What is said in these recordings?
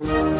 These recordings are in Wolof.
thank you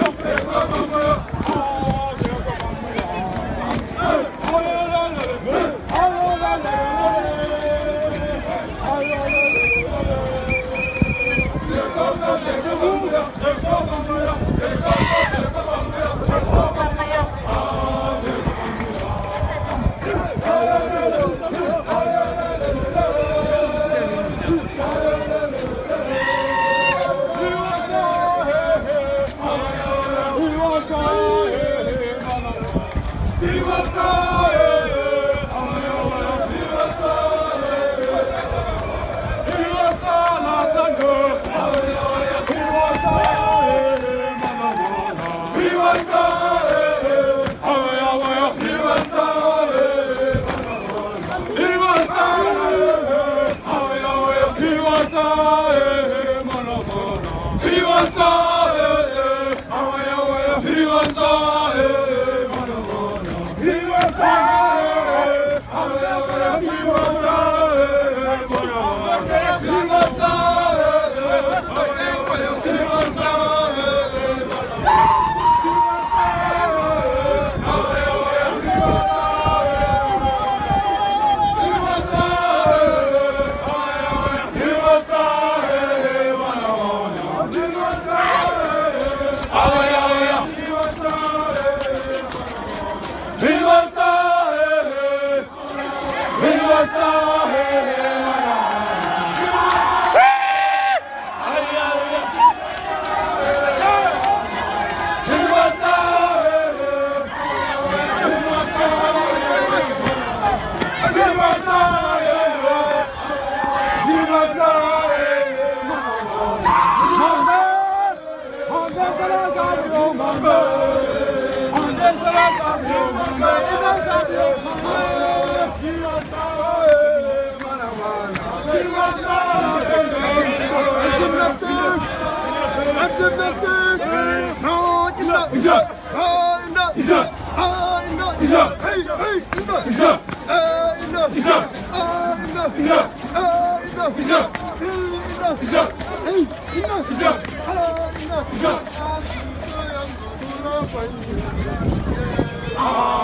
아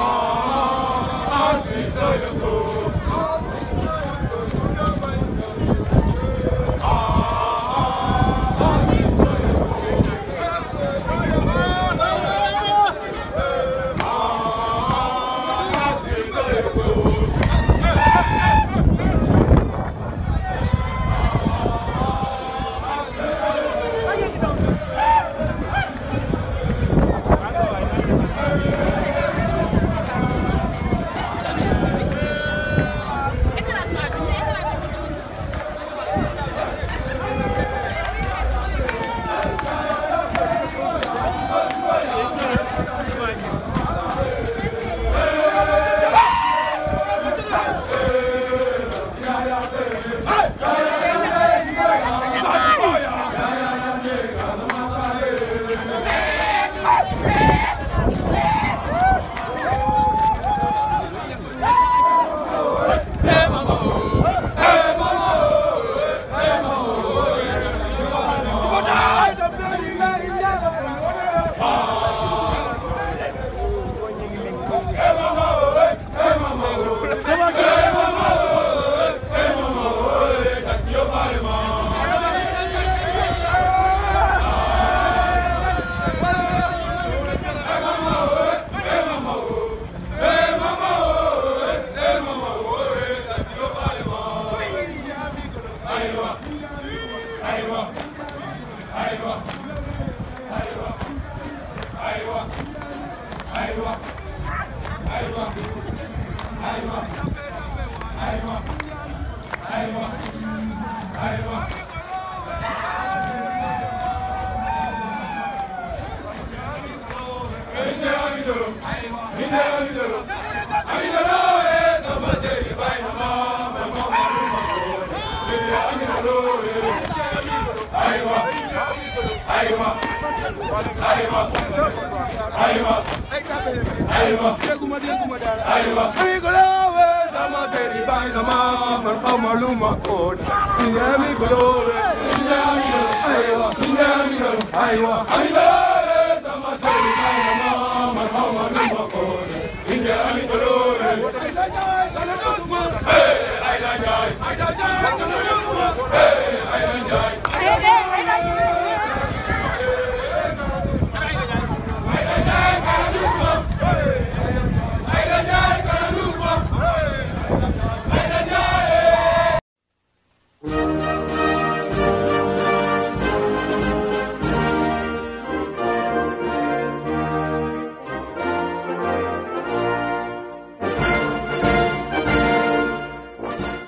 aywa aywa aywa aywa aywa aywa aywa aywa aywa dégguma dégguma dara aywa mi ko loowe sama seri bay ma man xawma lu ma koon mi ko loowe aywa mi ko aywa